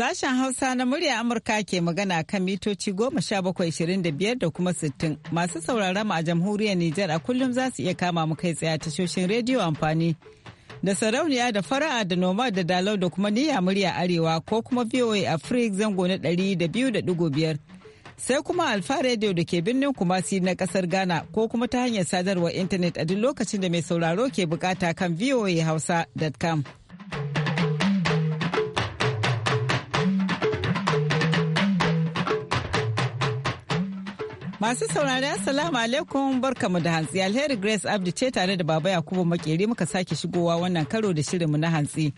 Sashen Hausa na murya Amurka ke magana kan mitoci goma sha bakwai ishirin da biyar da kuma sittin. Masu sauraron mu a jamhuriyar Nijar a kullum za su iya kama mu kai tsaye tashoshin rediyo amfani. Da sarauniya da fara'a da noma da dalau da kuma niyya murya arewa ko kuma VOA Africa zango na ɗari da biyu da ɗigo biyar. Sai kuma Alfa Radio da ke birnin Kumasi na ƙasar Ghana ko kuma ta hanyar sadarwar intanet a duk lokacin da mai sauraro ke bukata kan voahausa.com. Masu saurari Assalamu alaikum barkamu da hantsi alheri Grace Abdi ce tare da Baba Yakubu Makeri muka sake shigowa wannan karo da shirinmu na hantsi.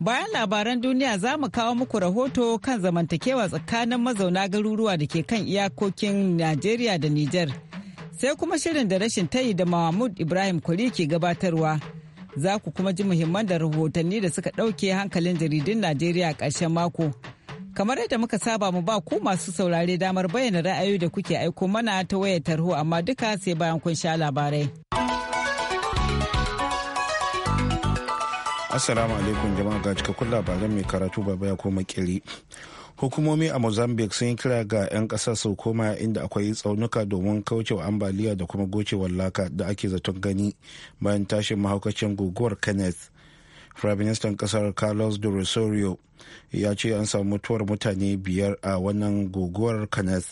Bayan labaran duniya za mu kawo muku rahoto kan zamantakewa tsakanin mazauna garuruwa da ke kan iyakokin Najeriya da Nijar. Sai kuma shirin da rashin tayi da Mahmud Ibrahim Kwari ke gabatarwa. Za ku kuma ji muhimman da rahotanni da suka ɗauke hankalin jaridun Najeriya a ƙarshen mako. Kamar yadda muka saba mu ba ku masu saurare damar bayyana ra'ayoyi da kuke aiko mana ta wayar tarho amma duka sai bayan kun sha labarai. Assalamu alaikum jama'a ga cikakkun labaran mai karatu ba ya koma kiri. Hukumomi a Mozambique sun yi kira ga 'yan ƙasar su koma inda akwai tsaunuka domin kaucewa ambaliya da kuma gocewar laka da ake zaton gani bayan tashin mahaukacin guguwar Kenneth. firaministan kasar carlos de rosario ya ce an samu mutuwar mutane biyar a wannan guguwar kenneth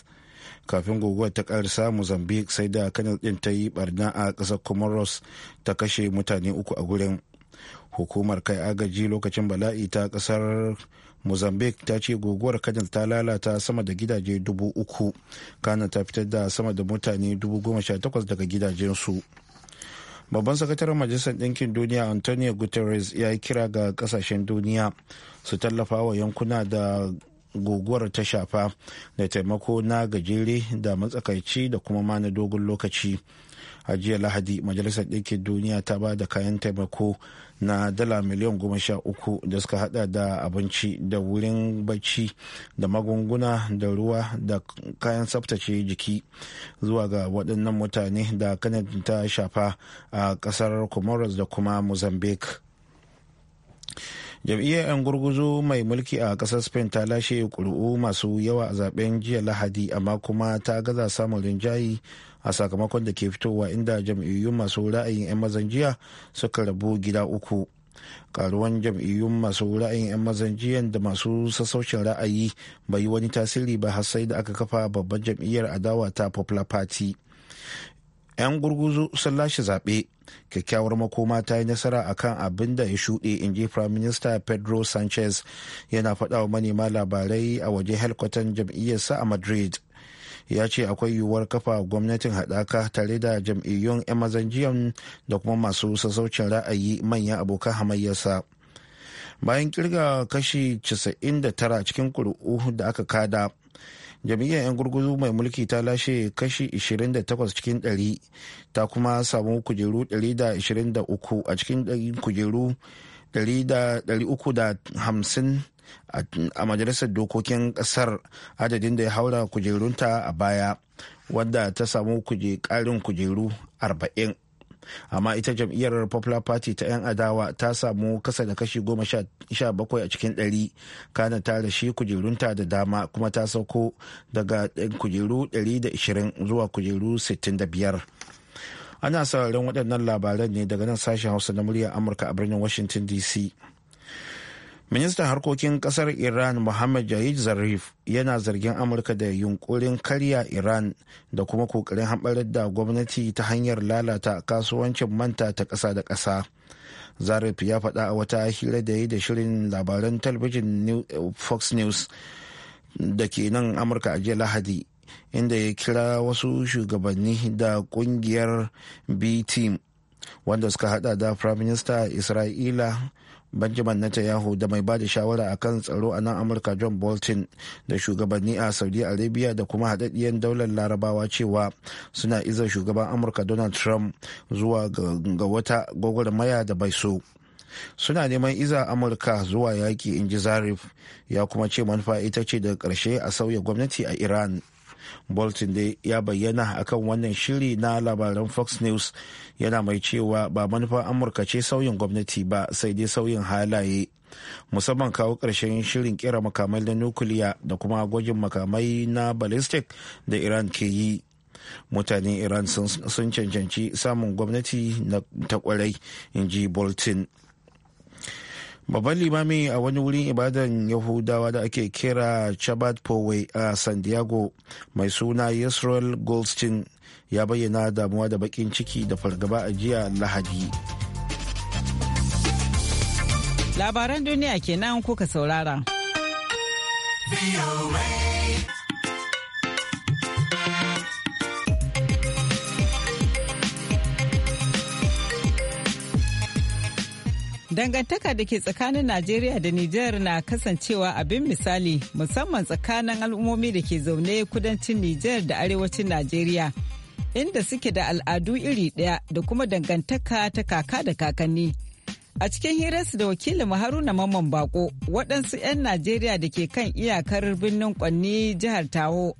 kafin guguwar ta karisa mozambique sai da kenneth din ta yi barna a kasar comoros ta kashe mutane uku a gurin hukumar kai agaji lokacin bala'i ta kasar mozambique ta ce guguwar kenneth ta lalata sama da gidaje dubu uku kana ta fitar da sama da mutane dubu goma sha takwas daga gidajensu. su babban sakataren majalisar ɗinkin duniya antonio guterres ya yi kira ga ƙasashen duniya su tallafa wa yankuna da guguwar ta shafa da taimako na gajere da matsakaici da kuma ma na dogon lokaci a jiya lahadi majalisar ɗinkin duniya ta ba da kayan taimako na dala miliyan goma sha uku da suka hada da abinci da wurin bacci da magunguna da ruwa da kayan tsaftace jiki zuwa ga waɗannan mutane da kanin ta shafa a ƙasar comoros da kuma mozambique jam'iyyar 'yan gurguzu mai mulki a kasar spain ta lashe kuri'u masu yawa a zaben jiya lahadi amma kuma ta gaza samun rinjayi a sakamakon da ke fitowa inda jam'iyyun masu ra'ayin 'yan mazan jiya suka rabu gida uku karuwan jam'iyyun masu ra'ayin 'yan mazan jiyan da masu sassaucin ra'ayi bai yi wani tasiri ba har sai da aka kafa babban jam'iyyar adawa ta popular party 'yan gurguzu sun lashe zaɓe kyakkyawar makoma ta yi nasara akan abin da ya shuɗe in ji prime minister pedro sanchez yana faɗa wa manema labarai a waje helkwatan jam'iyyarsa a madrid ya ce akwai yiwuwar kafa gwamnatin haɗaka tare da jam'iyyun 'yan mazanjiyan da kuma masu sassaucin ra'ayi manyan abokan hamayyarsa bayan kirga kashi 99 cikin kuri'u da aka kada jam'iyyar 'yan gurguzu mai mulki ta lashe kashi 28 cikin 100 ta kuma samu kujeru 123 a cikin kujeru 350 a majalisar dokokin kasar adadin da ya haura kujerunta a baya wadda ta samu karin kujeru 40 amma ita jam'iyyar popular party ta 'yan adawa ta samu kasa da kashi goma sha bakwai a cikin ɗari kana ta shi kujerunta da dama kuma ta sauko daga kujeru 120 zuwa kujeru 65 ana sauraron waɗannan labaran ne daga nan sashen hausa na muryar amurka a birnin washington dc ministan harkokin kasar iran muhammad jayid zarif yana zargin amurka da yunkurin karya iran da kuma kokarin haɓarar da gwamnati ta hanyar lalata kasuwancin manta ta ƙasa da ƙasa zarif ya faɗa a wata hira da yi da shirin labaran talabijin fox news da ke nan amurka a jiya lahadi inda ya kira wasu shugabanni da kungiyar b-team wanda suka hada da prime minister isra'ila benjamin netanyahu da mai bada shawara a kan tsaro a nan amurka john bolton da shugabanni a saudi arabia da kuma haɗaɗɗiyar daular larabawa cewa suna iza shugaban amurka donald trump zuwa ga wata gwagwarmaya da bai so suna neman iza amurka zuwa yaƙi in ji zarif ya kuma ce manufa ita ce daga ƙarshe a sauya gwamnati a iran bolton dai ya bayyana akan wannan shiri na labaran fox news yana mai cewa ba manufar amurka ce sauyin gwamnati ba sai dai sauyin halaye musamman kawo ƙarshen shirin kera makamai na nukiliya da kuma gwajin makamai na ballistic da iran ke yi mutane iran sun cancanci samun gwamnati ta kwarai in ji bolton babban limami a wani wurin ibadan yahudawa da ake kira chabad poway a san diego mai suna israel goldstein ya bayyana damuwa da bakin ciki da fargaba a jiya lahadi labaran duniya kenan kuka saurara. Dangantaka da ke tsakanin Najeriya da Nijar na kasancewa abin misali musamman tsakanin al'ummomi da ke zaune kudancin Nijar da arewacin Najeriya inda suke da al'adu iri ɗaya da kuma dangantaka ta kaka da kakanni. A cikin hirarsu da wakilin Haruna Mamman Bako waɗansu 'yan Najeriya da ke kan iyakar birnin Kwanni jihar Tawo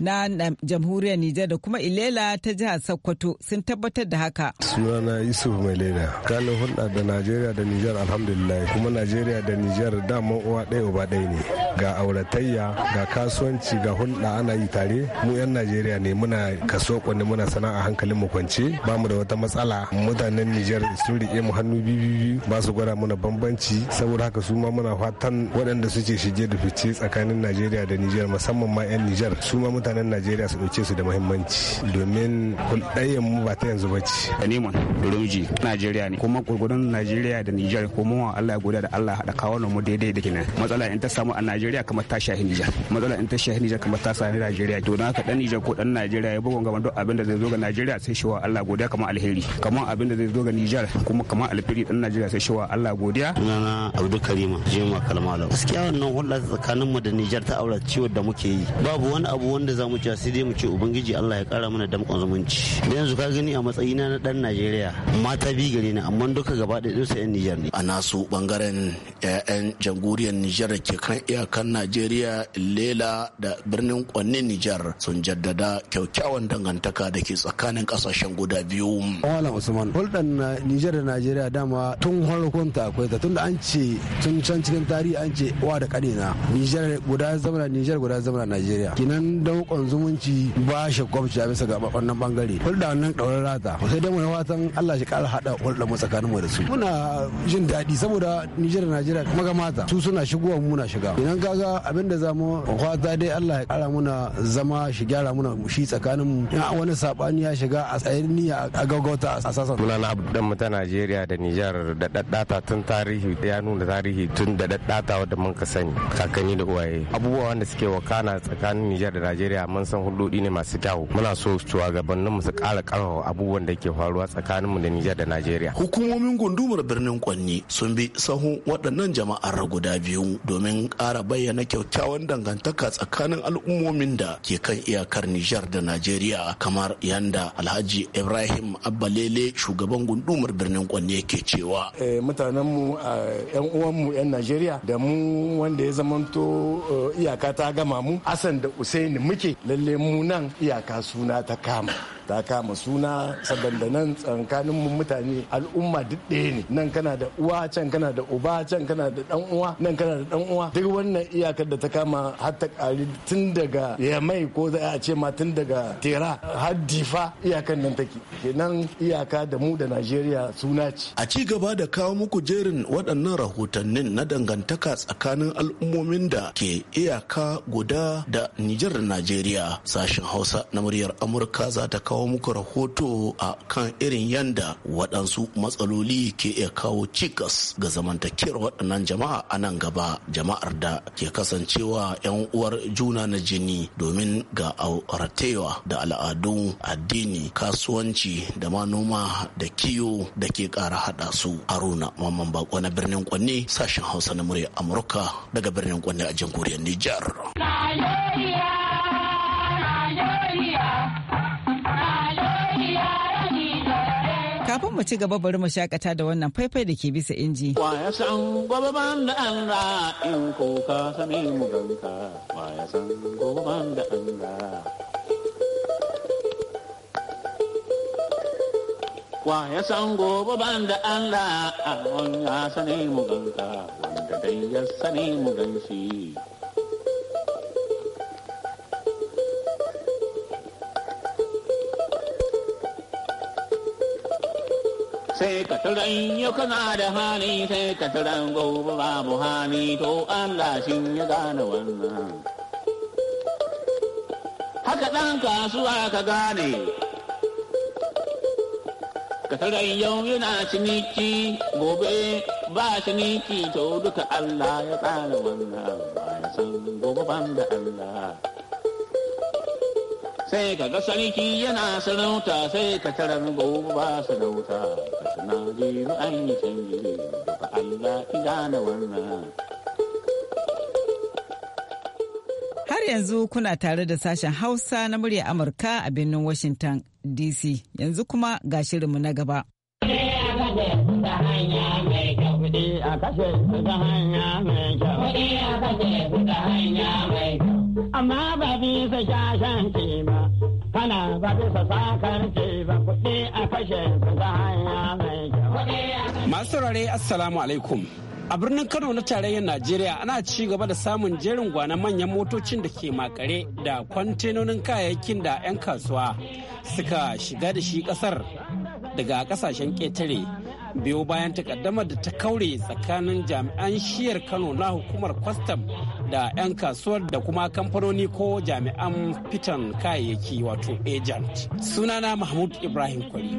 na jamhuriyar Nijar da kuma Ilela ta jihar Sokoto sun tabbatar da haka. Sunana Yusuf Mailena, kalin hulɗa da Najeriya da Nijar alhamdulillah kuma Najeriya da Nijar dama uwa ɗaya uba ɗaya ne. Ga auratayya, ga kasuwanci, ga hulɗa ana yi tare. Mu 'yan Najeriya ne muna kaso kwanne muna sana'a hankalin mu kwance, ba mu da wata matsala. Mutanen Nijar sun riƙe mu hannu biyu ba su gwada muna bambanci. Saboda haka su ma muna fatan waɗanda suke shige da fice tsakanin Najeriya da Nijar musamman ma 'yan Nijar su ma mutanen najeriya su dauke su da muhimmanci domin hulɗayyar mu ba ta yanzu ba ce neman durumji najeriya ne kuma gurgurun najeriya da nijar ko mu allah ya goda da allah haɗa kawo mu daidai da kina matsala in ta samu a najeriya kamar ta shahi nijar matsala in ta shahi nijar kamar ta sami najeriya to na ka dan nijar ko dan najeriya ya bugun gaban duk abin da zai zo ga najeriya sai shi wa allah godiya kamar alheri kamar abin da zai zo ga nijar kuma kamar alfiri dan najeriya sai shi wa allah godiya sunana abdul karima jima kalmalo gaskiya wannan hulɗa tsakaninmu da nijar ta aure ciwo da muke yi babu wani abu wanda za mu ci sai dai mu ce ubangiji Allah ya kara mana damkon zumunci da yanzu ka gani a matsayina na dan Najeriya mata bi gare ni amma duka gaba da su yan Niger ne a nasu bangaren yayan jamhuriyar Niger ke kan iyakan Najeriya Lela da birnin Kwanne Niger sun jaddada kyakkyawan dangantaka da ke tsakanin kasashen guda biyu Malam Usman hulɗan Niger da Najeriya dama tun ta akwai ta tunda an ce tun can cikin tarihi an ce wa da kanina Niger guda zamanin Niger guda zamanin Najeriya kinan don riƙon zumunci ba shi kwamci a bisa ga wannan bangare hulɗa nan ɗaurar rata sai dai mu na fatan Allah shi ƙara haɗa hulɗa mu tsakanin mu da su muna jin daɗi saboda Nijar da Najeriya magamata su suna shigowa muna shiga idan kaga abin da zamu mu fata dai Allah ya ƙara muna zama shi gyara muna shi tsakanin in wani sabani ya shiga a tsayin niyya a gaugauta a sasan sunana abdan ta Najeriya da Nijar da daddata tun tarihi ya nuna tarihi tun da daddata wanda mun ka sani kakanni da uwaye abubuwa wanda suke wakana tsakanin Nijar da Najeriya najeriya mun san hulɗoɗi ne masu dawo muna so gabanin mu su ƙara ƙarfafa abubuwan da ke faruwa tsakanin mu da nijar da najeriya hukumomin gundumar birnin kwanni sun bi sahun waɗannan jama'ar guda biyu domin ƙara bayyana kyakkyawan dangantaka tsakanin al'ummomin da ke kan iyakar nijar da najeriya kamar yanda alhaji ibrahim abbalele shugaban gundumar birnin kwanni yake cewa eh, mutanenmu yan uwanmu yan najeriya da mu wanda ya zamanto eh, iyaka ta gama mu asan da usaini muke ce lalle mu nan iyaka suna ta kama ta kama suna sadandanan tsakanin mu mutane al'umma duk ɗaya ne nan kana da uwa can kana da uba can kana da dan uwa nan kana da dan uwa duk wannan iyakar da ta kama har ta ƙari tun daga yamai ko za a ce ma tun daga tera har difa iyakan nan take kenan iyaka da mu da najeriya suna ce a ci gaba da kawo muku jerin waɗannan rahotannin na dangantaka tsakanin al'ummomin da ke iyaka guda da nijar da najeriya sashen hausa na muryar amurka za ta kawo kawo muku rahoto a kan irin yanda waɗansu matsaloli ke iya kawo cikas ga zamantakewar waɗannan jama'a a nan gaba jama'ar da ke kasancewa 'yan uwar juna na jini domin ga auratewa da al'adu addini kasuwanci da ma noma da kiyo da ke ƙara haɗa su haruna mamman bako na birnin kwanne sashen hausa na murya amurka daga birnin kwanne a jamhuriyar nijar. Kafin mu ci gaba bari mu shakata da wannan faifai da ke bisa inji. Wa ya san gobe ban da Allah in ko mu ganka. da da ya sani mu ganka, wanda dai ya sani mu ganshi. sai ka taran yau kana da hali sai ka taran gobe babu hali to Allah shi ya gane wannan. Haka ɗan kasuwa ka gane, ka yau yana ciniki gobe ba ciniki to duka Allah ya tsara wannan ba ya san gobe ban da Allah. sai ka ga sarki yana sarauta sai ka tarar gobe ba sarauta ka suna jiru an yi canji daga Allah idana wannan. Har yanzu kuna tare da sashen Hausa na murya Amurka a birnin Washington DC yanzu kuma ga shirinmu na gaba. Kuɗi a kashe da hanya mai kyau. Kuɗi a kashe da hanya mai kyau. amma ba bisa shashanci ba kana ba bisa sakarci ba kuɗi a kashe su ta hanya mai kyau. Masu saurare Assalamu alaikum. A birnin Kano na tarayyar Najeriya ana ci gaba da samun jerin gwana manyan motocin da ke makare da kwantenonin kayayyakin da 'yan kasuwa suka shiga da shi kasar daga kasashen ƙetare biyo bayan takaddamar da ta kaure tsakanin jami'an shiyar kano na hukumar kwastam da 'yan kasuwar da kuma kamfanoni ko jami'an fitan kayayyaki wato agent sunana mahmud ibrahim kwari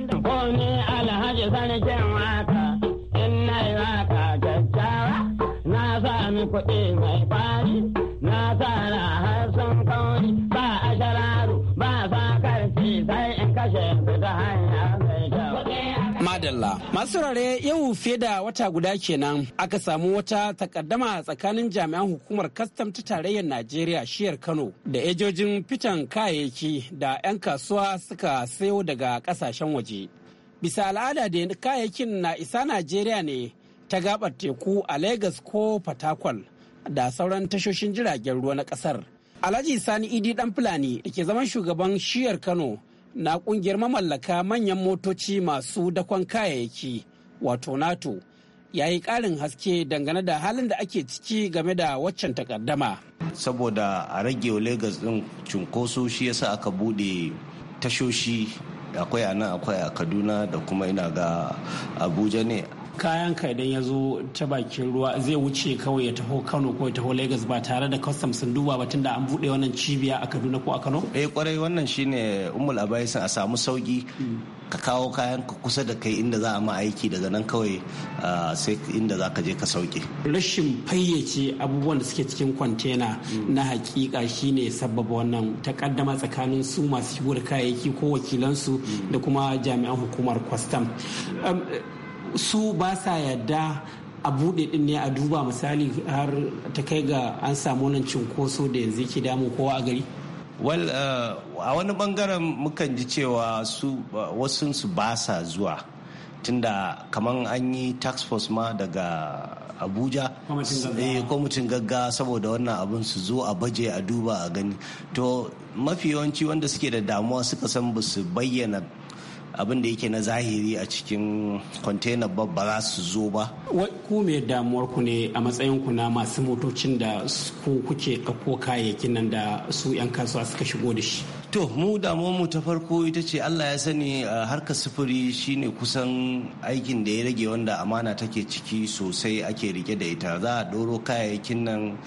na sami kuɗi mai fari na tsara har sun kauri adalla. Masu rare yau fiye da wata guda kenan aka samu wata takaddama tsakanin jami'an hukumar kastam ta tarayyar Najeriya shiyar Kano da ejojin fitan kayayyaki da 'yan kasuwa suka sayo daga kasashen waje. Bisa al'ada da kayayyakin na isa Najeriya ne ta gabar teku a Legas ko Fatakwal da sauran tashoshin jiragen ruwa na kasar. Alhaji Sani Idi Dan Fulani da ke zaman shugaban shiyar Kano na kungiyar mamallaka manyan motoci masu dakon kayayyaki wato nato ya yi ƙarin haske dangane da halin da ake ciki game da waccan takaddama. saboda a rage legas din cunkoso shi yasa aka bude tashoshi akwai a nan akwai a kaduna da kuma ina ga abuja ne kayan ka idan ya zo ta bakin ruwa zai wuce kawai ya taho kano ko ya taho lagos ba tare da custom sun duba ba tunda an bude wannan cibiya a kaduna ko a kano eh kwarai wannan shine umul abaisin a samu sauki hmm. ka kawo kayan ka kusa da kai inda za a ma aiki daga nan kawai sai inda za ka je ka sauke. Rashin fayyace abubuwan da suke cikin kwantena hmm. na hakika shine sababa wannan takaddama tsakanin su masu shigo da kayayyaki ko wakilansu hmm. da kuma jami'an hukumar kwastam. su ba sa yadda a buɗe ɗin ne a duba misali har ta kai ga an samu nan cinkoso da yanzu ke damu kowa a gari well uh, a wani bangaren mukan ji cewa su uh, wasu su ba sa zuwa tunda kamar an yi tax force ma daga abuja kwamitin gagga eh, saboda wannan abin su zo a baje a duba a gani to mafi yawanci wanda suke da damuwa suka san ba su bayyana abin da yake na zahiri a cikin kwantenar babba za su zo ba. ku me damuwar ku ne a matsayin ku na masu motocin da ku kuke ɗauko kayayyakin nan da su 'yan kasuwa suka shigo da shi. To mu mu ta farko ita ce Allah ya sani harkar sufuri shine kusan aikin da ya rage wanda amana take ciki sosai ake rike da ita za a ɗoro kayayyakin nan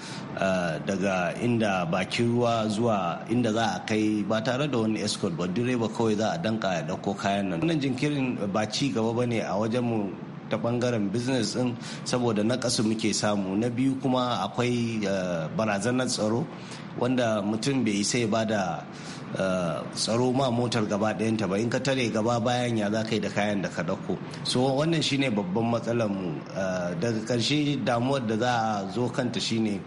daga inda bakin ruwa zuwa inda za a kai ba tare da wani escort ba direba kawai za a danka ya ko kayan nan. Wannan jinkirin ba ci gaba ba ne a wajen mu ta bangaren business din saboda na kasu muke samu na biyu kuma akwai barazanar tsaro wanda mutum bai sai ba da tsaro ma motar gaba ɗayanta ba in ka tare gaba bayan ya za ka yi da kayan da ka ɗauko so wannan shine babban matsalar mu eh, daga ƙarshe damuwar da za a zo kanta shine ne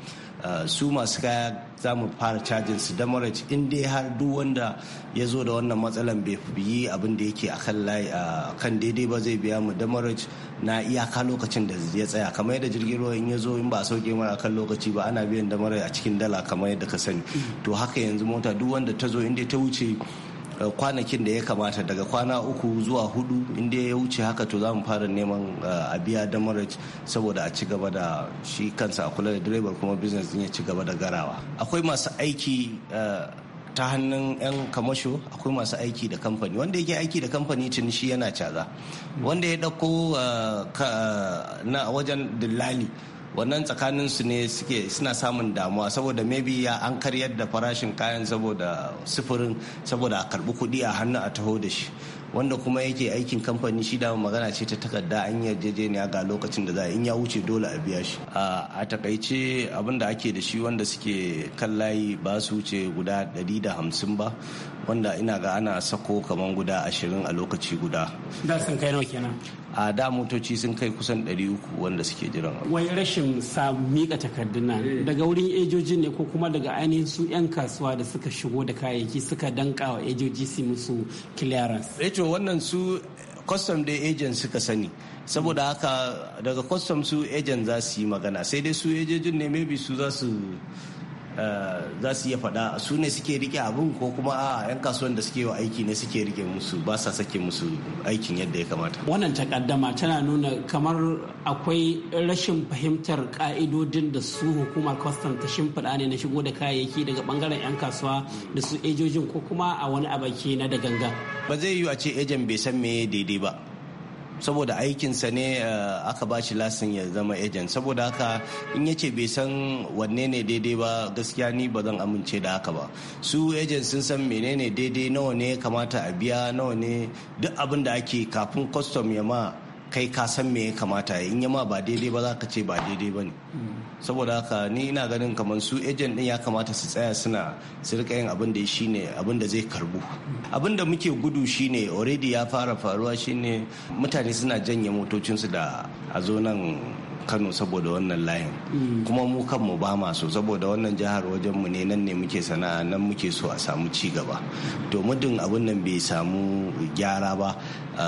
Eh, su masu kaya za mu fara cajin su damage in dai har duk wanda ya zo da wannan matsalan bai yi abin da yake a kan layi a kan daidai ba zai biya mu damage na iyaka lokacin da ya tsaya kamar yadda jirgin ruwa in ya zo in ba a sauke mara kan lokaci ba ana biyan damage a cikin dala kamar yadda ka sani mm. to haka yanzu mota duk wanda ta zo in dai ta wuce Eh, kwanakin da ya kamata daga kwana uku zuwa hudu inda ya wuce haka to za mu fara neman eh, a biya damaraj saboda a ci gaba da shi kansa a kula da direbar kuma business din ya ci gaba da garawa akwai masu aiki eh, ta hannun 'yan kamasho akwai masu aiki da kamfani wanda yake aiki da kamfani tun shi yana caza wanda ya dauko na wajen dillali wannan tsakanin su ne suke suna samun damuwa saboda maybe ya an karyar da farashin kayan saboda sufurin saboda a karbi kuɗi a hannu a taho da shi wanda kuma yake aikin kamfani shi da magana ce ta takarda an yarjejeniya ga lokacin da za in ya wuce dole a biya shi a takaice abin da ake da shi wanda suke kan layi ba su wuce guda 150 ba wanda ina ga ana sako kamar guda 20 a lokaci guda da sun kai nawa kenan a da motoci sun kai kusan 300 wanda suke jiran wai rashin sa mika takardun nan eh. daga wurin ejoji ne ko kuma daga ainihin su 'yan kasuwa da suka shigo da kayayyaki suka danka wa ejoji su musu clearance eto eh wannan su custom da agent suka sani saboda haka daga custom su agent za su yi magana sai dai su ejojin ne maybe su za su Eh, za su iya faɗa su ne suke rike abin ko kuma a 'yan kasuwan da suke wa aiki ne suke rike musu ba sa sake musu aikin yadda ya kamata wannan takaddama tana nuna kamar akwai rashin fahimtar ka'idodin da su hukumar kwastam ta shimfiɗa ne na shigo da kayayyaki daga bangaren 'yan kasuwa da su ejojin ko kuma a wani abaki na da ganga ba zai yiwu a ce ejen bai san me daidai ba saboda aikinsa ne eh, aka ba shi lasin ya zama agent saboda haka in yace bai san wanne ne daidai ba gaskiya ni ba zan amince da haka ba su agent sun san menene daidai nawa ne kamata a biya nawa ne duk abin da ake kafin custom ya ma kai ka san me ya kamata in ya ma ba daidai ba za ka ce ba daidai ba ne saboda haka ni ina ganin kamar su ejen din ya kamata su tsaya suna su rika yin abin da ne abin da zai karbu abin da muke gudu shi ne already ya fara faruwa shi ne mutane suna janye motocinsu da a zo nan kano saboda wannan layin mm. kuma mu kanmu ba masu saboda wannan jihar wajen mu ne nan ne muke sana'a nan muke so a samu ci gaba to muddin abin nan bai samu gyara ba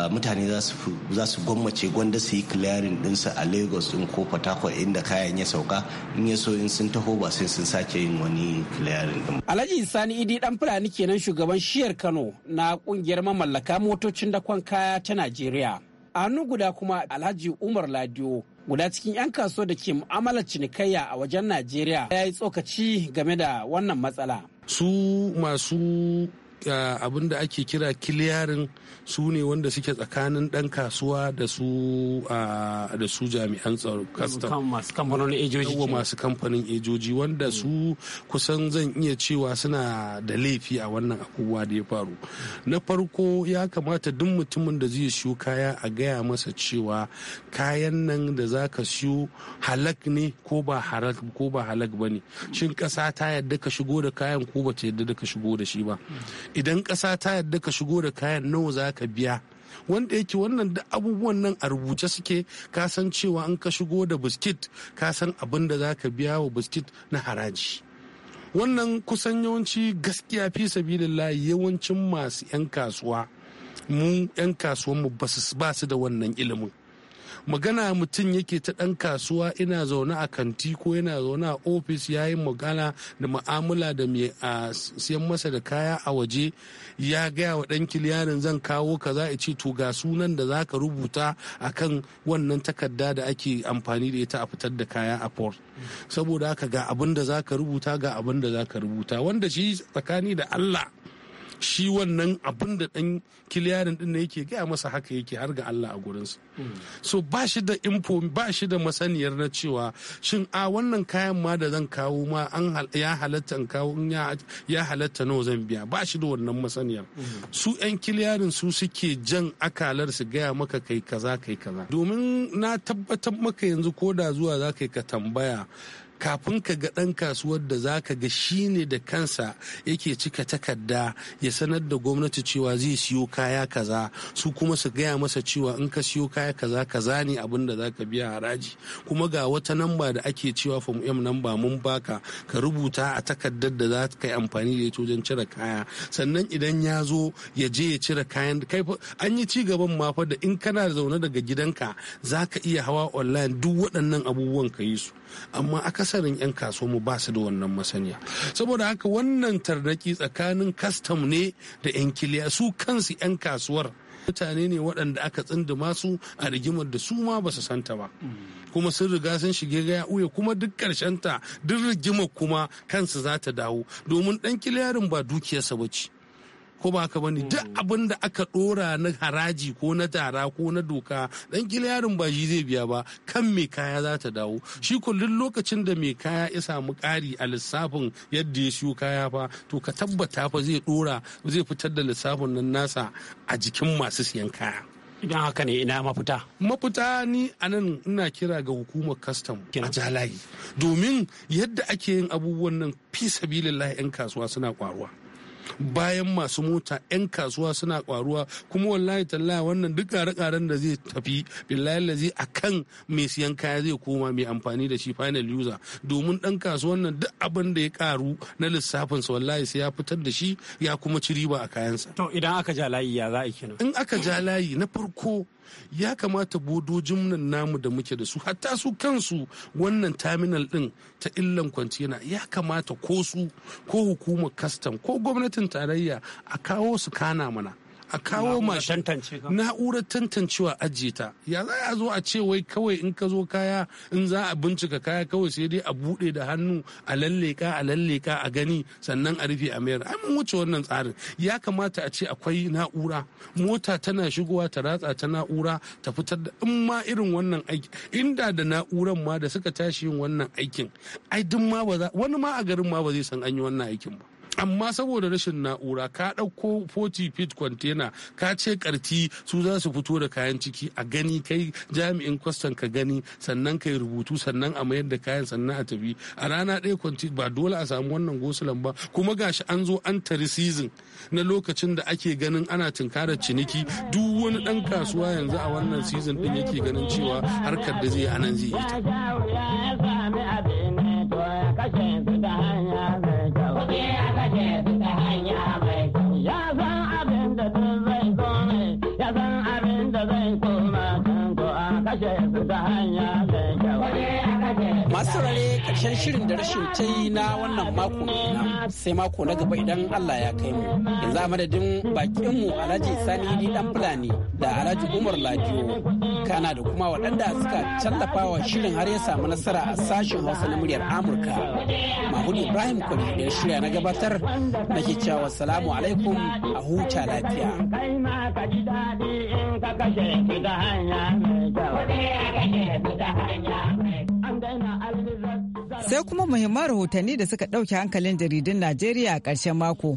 mutane za su gwammace gwanda su yi clearing dinsu a lagos din ko port harcourt inda kayan ya sauka in ya so in sun taho ba sai sun sake yin wani clearing din alhaji sani idi dan fulani kenan shugaban shiyar kano na kungiyar mamallaka motocin dakon kaya ta najeriya a hannu guda kuma alhaji umar ladiyo guda cikin 'yan kasuwa da ke mu'amalar cinikayya a wajen najeriya ya yi tsokaci game da wannan matsala su masu Eh, abin da ake kira kiliyarin su ne wanda suke tsakanin ɗan kasuwa da su ah, jami'an tsaro custom masu kamfanin ejoji wanda hmm. su kusan zan iya cewa suna da laifi a wannan abubuwa da ya faru na farko ya kamata duk mutumin da zai siyo kaya a gaya masa cewa kayan nan da za ka siyo halak ne ko ba halak ba ne shin ƙasa ta yadda ka shigo da kayan ko ba ta yadda ka shigo da shi ba hmm. idan ƙasa ta yadda ka shigo da kayan nawa za ka biya wanda yake wannan da abubuwan nan a rubuce suke kasan cewa an ka shigo da biskit kasan abin da za ka biya wa biskit na haraji wannan kusan yawanci gaskiya fi sabilillah yawancin masu 'yan kasuwa mu 'yan kasuwanmu ba su da wannan ilimin magana mutum yake ta ɗan kasuwa ina zaune a kanti ko yana zaune a ofis ya yi magana da mu'amala da mai a siyan masa da kaya a waje ya gaya wa ɗan kiliyanin zan kawo ka za a ce to ga sunan da za ka rubuta kan wannan takarda da ake amfani da ita a fitar da kaya a port saboda haka ga abin da za ka rubuta ga abin da za ka rubuta wanda shi tsakani da allah shi wannan abin da ɗan kiliyarin ɗin ne yake gaya masa haka yake har ga Allah a gurinsa. So ba shi da info ba shi da masaniyar na cewa shin a wannan kayan ma da zan kawo ma an ya halatta in kawo in ya halatta nawa zan biya ba shi da wannan masaniyar. Su 'yan kiliyarin su suke jan akalar su gaya maka kai kaza kai kaza. Domin na tabbatar maka yanzu ko da zuwa za ka tambaya kafin ka ga ɗan kasuwar da za ka ga shi ne da kansa yake cika takarda ya sanar da gwamnati cewa zai siyo kaya kaza su kuma su gaya masa cewa in ka siyo kaya kaza kaza ne abin da za ka biya haraji kuma ga wata namba da ake cewa fom m namba mun baka ka rubuta a takardar da za ka yi amfani da ita wajen cire kaya sannan idan ya zo ya je ya cire kayan kai an yi ci gaban ma fa da in kana zaune daga gidanka za ka iya hawa online duk waɗannan abubuwan ka yi su amma akasarin 'yan mu ba su da wannan masaniya saboda haka wannan tarnaki tsakanin kastam ne da 'yan kiliya su kansu 'yan kasuwar mutane ne waɗanda aka tsinda masu a rigimar da su ma ba su santa ba kuma sun riga sun shige gaya uya kuma duk ƙarshenta duk rigimar kuma kansu za ta dawo domin ɗan kiliyarin ba dukiyarsa ba ce ko ba haka bane duk abin da aka dora na haraji ko na tara ko na doka dan kila yarin ba shi zai biya ba kan mai kaya za ta dawo shi kullun lokacin da mai kaya ya samu kari a lissafin yadda ya siyo kaya fa to ka tabbata fa zai dora zai fitar da lissafin nan nasa a jikin masu siyan kaya idan haka ne ina mafita mafita ni a nan ina kira ga hukumar custom. a jalayi domin yadda ake yin abubuwan nan fi sabilillahi 'yan kasuwa suna kwaruwa bayan masu mota 'yan kasuwa suna kwaruwa kuma wallahi tallahi wannan duk kare-karen da zai tafi billahi lazi a kan mai siyan kaya zai koma mai amfani da shi final user domin dan kasuwan nan duk abin da ya karu na lissafinsa wallahi sai ya fitar da shi ya kuma ci riba a kayansa. to idan aka ja layi ya za a kenan. in aka ja layi na farko ya kamata bodojin nan namu da muke da su hatta su kansu wannan terminal din ta illan kwantena ya kamata ko su ko hukumar kastam ko gwamnatin tarayya a kawo su kana mana a kawo mashin na'urar tantancewa ajiye ta ya za a zo a ce wai kawai in ka zo kaya in za a bincika kaya kawai sai dai a bude da hannu a lalleka a lalleka a gani sannan a rufe a mayar an wuce wannan tsarin ya kamata a ce akwai na'ura mota tana shigowa ta ratsa ta na'ura ta fitar da in ma irin wannan aiki inda da na'uran ma da suka tashi yin wannan aikin ai duk ma ba wani ma a garin ma ba zai san an yi wannan aikin ba amma saboda rashin na'ura ka ɗauko 40 feet container ka ce karti su za su fito da kayan ciki a gani kai jami'in kwastan ka gani sannan kai rubutu sannan a mayar da kayan sannan a tafi a rana ɗaya kwanci ba dole a samu wannan gosulan ba kuma gashi an zo an tari season na lokacin da ake ganin ana tunkarar ciniki duk wani ɗan kasuwa yanzu a wannan season ɗin yake ganin cewa harkar da zai anan zai yi ta. Masu saurare karshen shirin da rashin ta yi na wannan mako sai mako na gaba idan Allah ya kai mu. Yanzu a madadin bakinmu Alhaji Sani ni Dan Fulani da Alhaji Umar Ladiyo kana da kuma waɗanda suka tallafa wa shirin har ya samu nasara a sashen Hausa na muryar Amurka. Mahmud Ibrahim Kwari da shirya na gabatar nake cewa salamu alaikum a huta lafiya. Sai kuma muhimman rahotanni da suka ɗauke hankalin jaridun Najeriya a ƙarshen mako.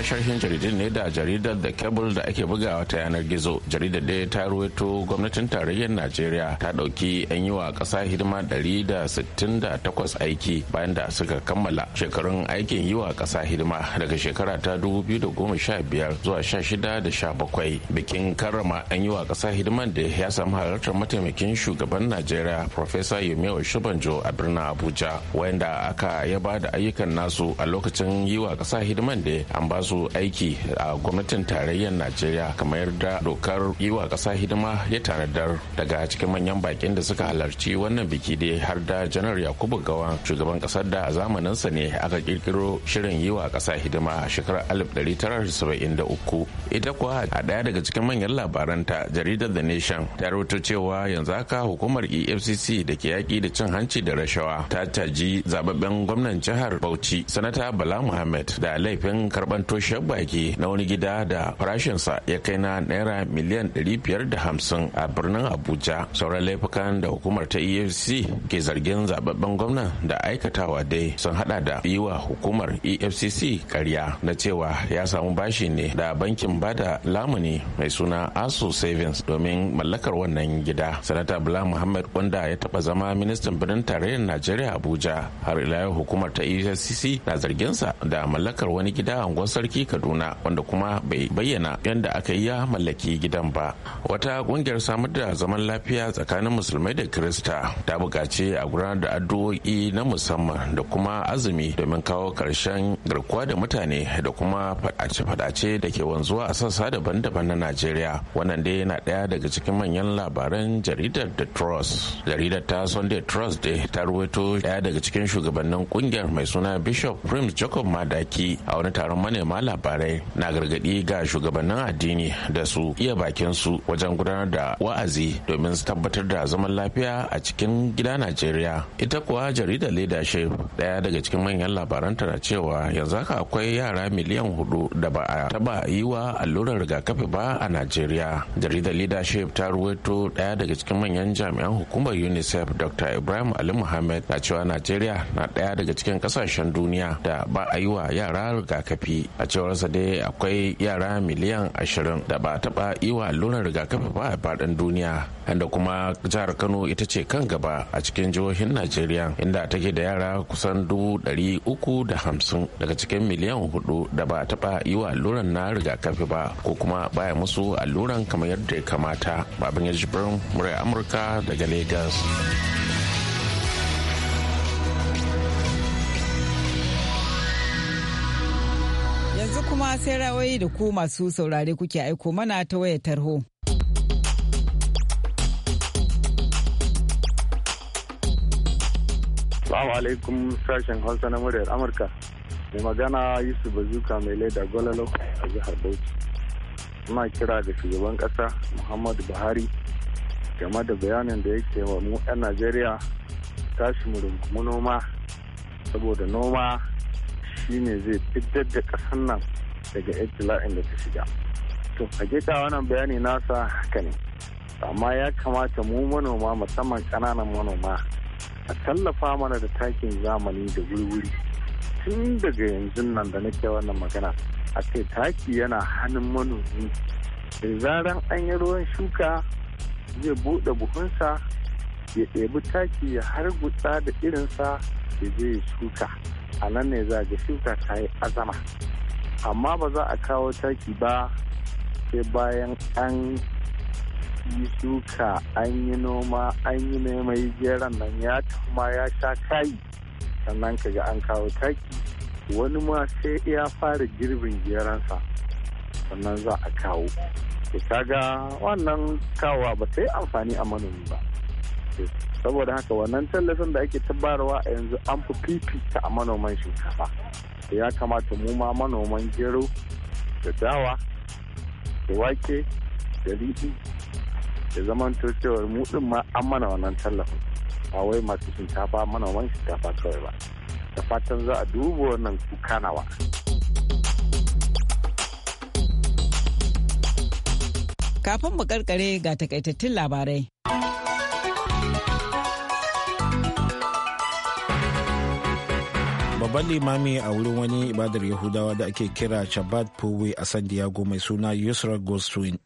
fara sharhin ne da jaridar da kebul da ake bugawa ta yanar gizo jaridar da ta ruwaito gwamnatin tarayyar najeriya ta ɗauki an yi wa ƙasa hidima 168 aiki bayan da suka kammala shekarun aikin yi wa ƙasa hidima daga shekara ta 2015 zuwa 16 da 17 bikin karrama an yi wa ƙasa hidiman da ya samu halartar mataimakin shugaban najeriya profesa yomiyo shibanjo a birnin abuja wayanda aka yaba da ayyukan nasu a lokacin yi wa ƙasa hidiman da an ba su masu aiki a gwamnatin tarayyar najeriya kamar yadda dokar yi wa ƙasa hidima ya tanadar daga cikin manyan bakin da suka halarci wannan biki dai har da janar yakubu gawa shugaban ƙasar da a zamaninsa ne aka kirkiro shirin yi wa ƙasa hidima a shekarar 1973 ita kuwa a ɗaya daga cikin manyan labaranta jaridar the nation ta wato cewa yanzu haka hukumar efcc da ke yaƙi da cin hanci da rashawa ta caji zababben gwamnan jihar bauchi sanata bala muhammad da laifin karɓar toshen baki na wani gida da farashinsa ya kai na naira miliyan 550 a birnin abuja sauran laifukan da hukumar ta efcc ke zargin zababben gwamnan da aikatawa dai sun hada da yi wa hukumar efcc karya na cewa ya samu bashi ne da bankin bada lamuni mai suna asu savings domin mallakar wannan gida sanata bala muhammad wanda ya taba zama ministan birnin tarayyar najeriya abuja har ila hukumar ta efcc na zargin sa da mallakar wani gida a unguwar sarki kaduna wanda kuma bai bayyana yadda aka yi ya mallaki gidan ba wata kungiyar samar da zaman lafiya tsakanin musulmai da kirista ta buƙaci a gudanar da addu'o'i na musamman da kuma azumi domin kawo ƙarshen garkuwa da mutane da kuma faɗace-faɗace da ke wanzuwa a sassa daban-daban na najeriya wannan dai yana ɗaya daga cikin manyan labaran jaridar the trust jaridar ta sunday trust dai ta ruwaito ɗaya daga cikin shugabannin kungiyar mai suna bishop prince jacob madaki a wani taron manema manema labarai na gargaɗi ga shugabannin addini da su iya bakin su wajen gudanar da wa'azi domin su tabbatar da zaman lafiya a cikin gida Najeriya. Ita kuwa jaridar Leadership ɗaya daga cikin manyan labaran na cewa yanzu haka akwai yara miliyan hudu da ba a taba yi wa allurar rigakafi ba a Najeriya. Jaridar Leadership ta ruwaito ɗaya daga cikin manyan jami'an hukumar UNICEF Dr. Ibrahim Ali Muhammad na cewa Najeriya na ɗaya daga cikin kasashen duniya da ba a yi wa yara rigakafi a cewarsa dai akwai yara miliyan ashirin da ba taba yi wa allurar rigakafi ba a faɗin duniya inda kuma jihar kano ita ce kan gaba a cikin jihohin najeriya inda take da yara kusan dubu ɗari uku da hamsin daga cikin miliyan hudu da ba taba yi wa alluran na rigakafi ba ko kuma baya musu alluran kamar yadda ya kamata babin ya jibirin murai amurka daga lagos kuma sai rawayi da ku masu saurare kuke aiko mana ta wayar tarho. Salamu alaikum sashen Hausa na muryar Amurka. Mai magana yusu Bazuka mai laida Gwalalo a jihar Bauchi. Muna kira da shugaban ƙasa Muhammadu Buhari game da bayanin da yake wa mu 'yan Najeriya tashi mu rungumi noma saboda noma shine zai fitar da ƙasar nan daga itila'in da ta shiga to hakika wannan bayani nasa haka ne amma ya kamata mu manoma musamman ƙananan manoma a tallafa mana da takin zamani da wuri tun daga yanzu nan da nake wannan magana a ce taki yana hannun manomi da zaran an yi ruwan shuka zai buɗe buhunsa ya ɗebi taki ya hargutsa da irinsa ya je ya shuka a nan ne za ga shuka ta yi azama amma ba za a kawo taki ba sai bayan an yi shuka an yi noma an yi mai jeran nan ya kuma ya sha kayi sannan ka ga an kawo taki wani ma sai ya fara girbin jeransa sannan za a kawo ga wannan kawowa ba ta yi amfani a manomi ba saboda haka wannan tallafin da ake tabbarawa a yanzu an fi fifita a manoman shinkafa ya kamata mu ma manoman gero da dawa da wake da riɗi da zaman cewar mu ɗin ma an mana wannan tallafin ba wai masu shinkafa manoman shinkafa kawai ba da fatan za a duba wannan kuka nawa. Kafin mu karkare ga takaitattun labarai. babban limami a wurin wani ibadar yahudawa da ake kira chabad puwe a san diego mai suna yusra goswin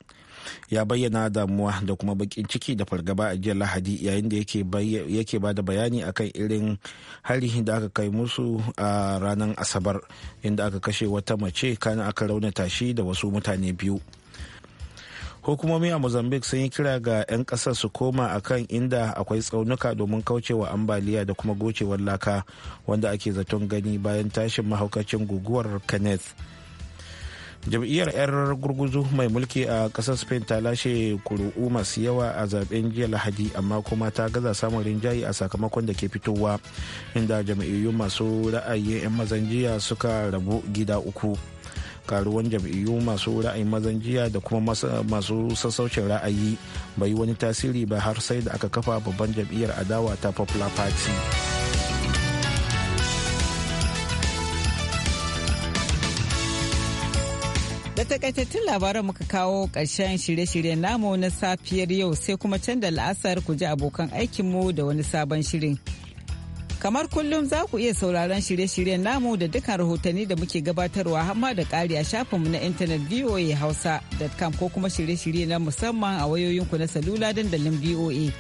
ya bayyana damuwa da kuma bakin ciki da fargaba a jiya lahadi yayin da yake ba da bayani akan irin hari da aka kai musu a ranar asabar inda aka kashe wata mace kana aka raunata shi da wasu mutane biyu hukumomi a mozambique sun yi kira ga 'yan kasar su koma a kan inda akwai tsaunuka domin kaucewa ambaliya da kuma gocewar laka wanda ake zaton gani bayan tashin mahaukacin guguwar kenneth jam'iyyar 'yar gurguzu mai mulki a kasar spain ta lashe kuru'u masu yawa a zaben jiya lahadi amma kuma ta gaza samun rinjaye a sakamakon da ke fitowa inda jam'iyyu masu ra'ayi 'yan mazan jiya suka rabu gida uku karuwan jam'iyyu masu ra'ayin mazan jiya da kuma masu sassaucin ra'ayi bai yi wani tasiri ba har sai da aka kafa babban jam'iyyar adawa ta popular party da takaitattun labaran muka kawo ƙarshen shirye-shiryen namu na safiyar yau sai kuma can da la'asar ku ji abokan aikinmu da wani sabon shirin. Kamar kullum za ku iya sauraron shirye-shiryen namu da dukkan rahotanni da muke gabatarwa hamma da ƙari a shafinmu na intanet VOA Hausa.com ko kuma shirye-shirye na musamman a wayoyinku na salula dandalin VOA.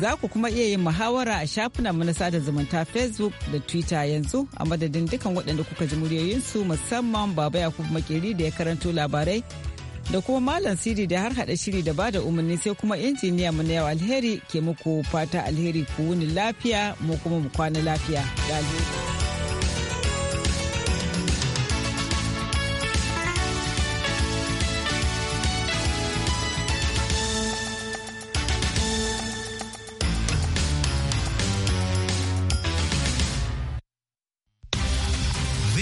Za ku kuma iya yin muhawara a shafinanmu na sada zumunta Facebook da Twitter yanzu a madadin dukkan waɗanda kuka ji muryoyinsu musamman Baba Yakubu Makeri da ya karanto labarai da kuma Malam Siri da har hada shiri da bada umarni sai kuma injiniya mu na yau alheri ke muku fata alheri ku wuni lafiya mu kuma mu kwana lafiya. Da